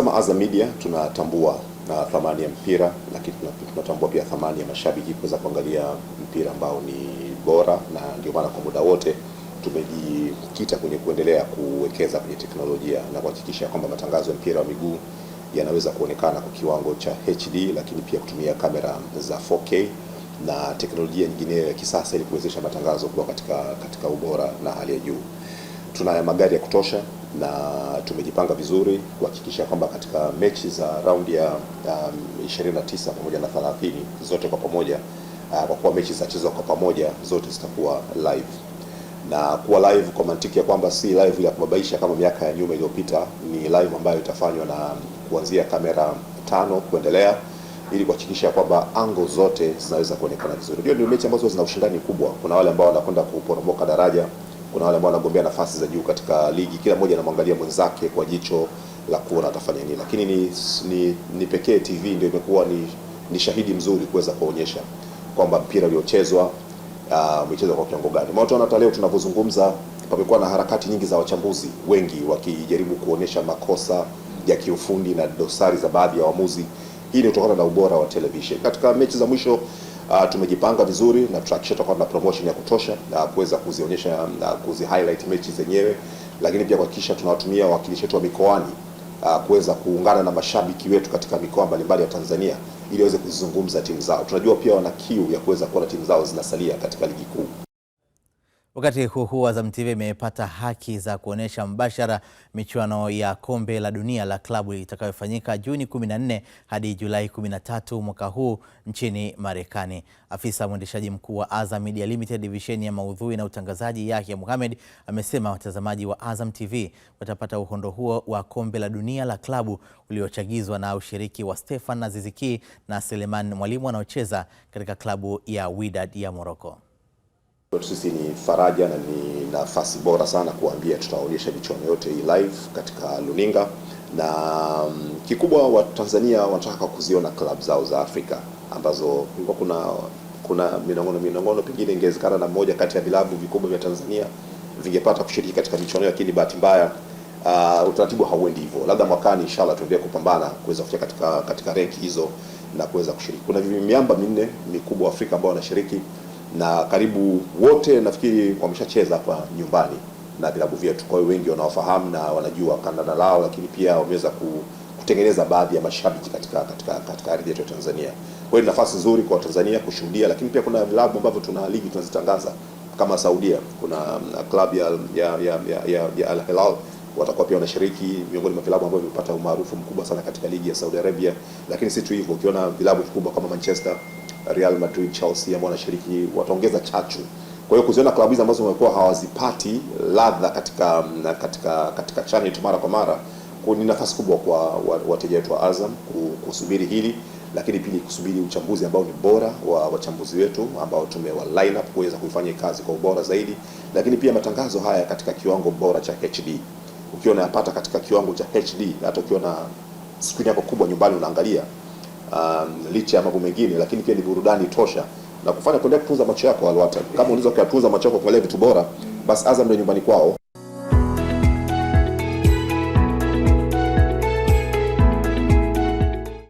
kama Azam Media tunatambua na thamani ya mpira, lakini tunatambua pia thamani ya mashabiki kuweza kuangalia mpira ambao ni bora, na ndio maana kwa muda wote tumejikita kwenye kuendelea kuwekeza kwenye teknolojia na kuhakikisha kwamba matangazo ya mpira wa miguu yanaweza kuonekana kwa kiwango cha HD, lakini pia kutumia kamera za 4K na teknolojia nyingineyo ya kisasa ili kuwezesha matangazo kuwa katika, katika ubora na hali ya juu. Tuna magari ya kutosha na tumejipanga vizuri kuhakikisha kwamba katika mechi za raundi ya um, 29 pamoja na 30 zote kwa pamoja uh, kwa kuwa mechi zitachezwa kwa pamoja zote zitakuwa live na kuwa live kwa mantiki ya kwamba si live ya kubabaisha kama miaka ya nyuma iliyopita, ni live ambayo itafanywa na kuanzia kamera tano kuendelea ili kuhakikisha kwamba angle zote zinaweza kuonekana vizuri. hiyo ni mechi ambazo zina ushindani mkubwa. Kuna wale ambao wanakwenda kuporomoka daraja kuna wale ambao wanagombea nafasi za juu katika ligi, kila mmoja anamwangalia mwenzake kwa jicho la kuona atafanya nini, lakini ni, ni, ni pekee TV ndio imekuwa ni, ni shahidi mzuri kuweza kuonyesha kwamba mpira uliochezwa ah, umechezwa uh, kwa kiwango gani. Maana tunaona leo tunavyozungumza, pamekuwa na harakati nyingi za wachambuzi wengi wakijaribu kuonyesha makosa ya kiufundi na dosari za baadhi ya waamuzi. Hii ni kutokana na ubora wa television. Katika mechi za mwisho Uh, tumejipanga vizuri na tutahakikisha tutakuwa na promotion ya kutosha na kuweza kuzionyesha na kuzi highlight mechi zenyewe, lakini pia kuhakikisha tunawatumia wawakilishi wetu wa mikoani uh, kuweza kuungana na mashabiki wetu katika mikoa mbalimbali ya Tanzania ili waweze kuzizungumza timu zao. Tunajua pia wana kiu ya kuweza kuona timu zao zinasalia katika ligi kuu. Wakati huu huu, Azam TV imepata haki za kuonyesha mbashara michuano ya kombe la dunia la klabu itakayofanyika Juni 14 hadi Julai 13 mwaka huu nchini Marekani. Afisa mwendeshaji mkuu wa Azam Media Limited divisheni ya maudhui na utangazaji Yahya muhamed amesema watazamaji wa Azam TV watapata uhondo huo wa kombe la dunia la klabu uliochagizwa na ushiriki wa Stefan Aziziki na Seleman Mwalimu wanaocheza katika klabu ya Wydad ya Morocco. Kwa sisi ni faraja na ni nafasi bora sana kuambia, tutaonyesha michuano yote hii live katika luninga, na mm, kikubwa wa tanzania wanataka kuziona klabu zao za Afrika ambazo kulikuwa kuna kuna minongono minongono, pengine ingewezekana na moja kati ya vilabu vikubwa vya Tanzania vingepata kushiriki katika michuano, lakini bahati mbaya uh, utaratibu hauendi hivyo. Labda mwakani inshallah tuendelee kupambana kuweza kufika katika katika renki hizo na kuweza kushiriki. Kuna miamba minne mikubwa Afrika ambao wanashiriki na karibu wote nafikiri wameshacheza hapa nyumbani na vilabu vyetu, kwa hiyo wengi wanawafahamu na wanajua kandanda lao, lakini pia wameweza kutengeneza baadhi ya mashabiki katika katika katika ardhi yetu ya Tanzania. Kwa hiyo ni nafasi nzuri kwa tanzania kushuhudia, lakini pia kuna vilabu ambavyo tuna ligi tunazitangaza kama Saudia, kuna klabu ya, ya, ya, ya, ya Al Hilal watakuwa pia wanashiriki miongoni mwa vilabu ambavyo vimepata umaarufu mkubwa sana katika ligi ya Saudi Arabia. Lakini si tu hivyo, ukiona vilabu vikubwa kama Manchester Real Madrid, Chelsea ambao wanashiriki wataongeza chachu. Kwa hiyo kuziona klabu hizi ambazo wamekuwa hawazipati ladha katika katika katika chani mara kwa mara, ni nafasi kubwa kwa wateja wetu wa Azam kusubiri hili, lakini pili kusubiri uchambuzi ambao ni bora wa wachambuzi wetu ambao tumewa line up kuweza kuifanya kazi kwa ubora zaidi, lakini pia matangazo haya katika kiwango bora cha HD ukiwa unayapata katika kiwango cha HD, hata ukiwa na skrini yako kubwa nyumbani unaangalia um, licha ya mambo mengine, lakini pia ni burudani tosha na kufanya kuendelea kutunza macho yako. Al, kama unaweza kutunza macho yako kwa vitu bora, basi Azam ndio nyumbani kwao.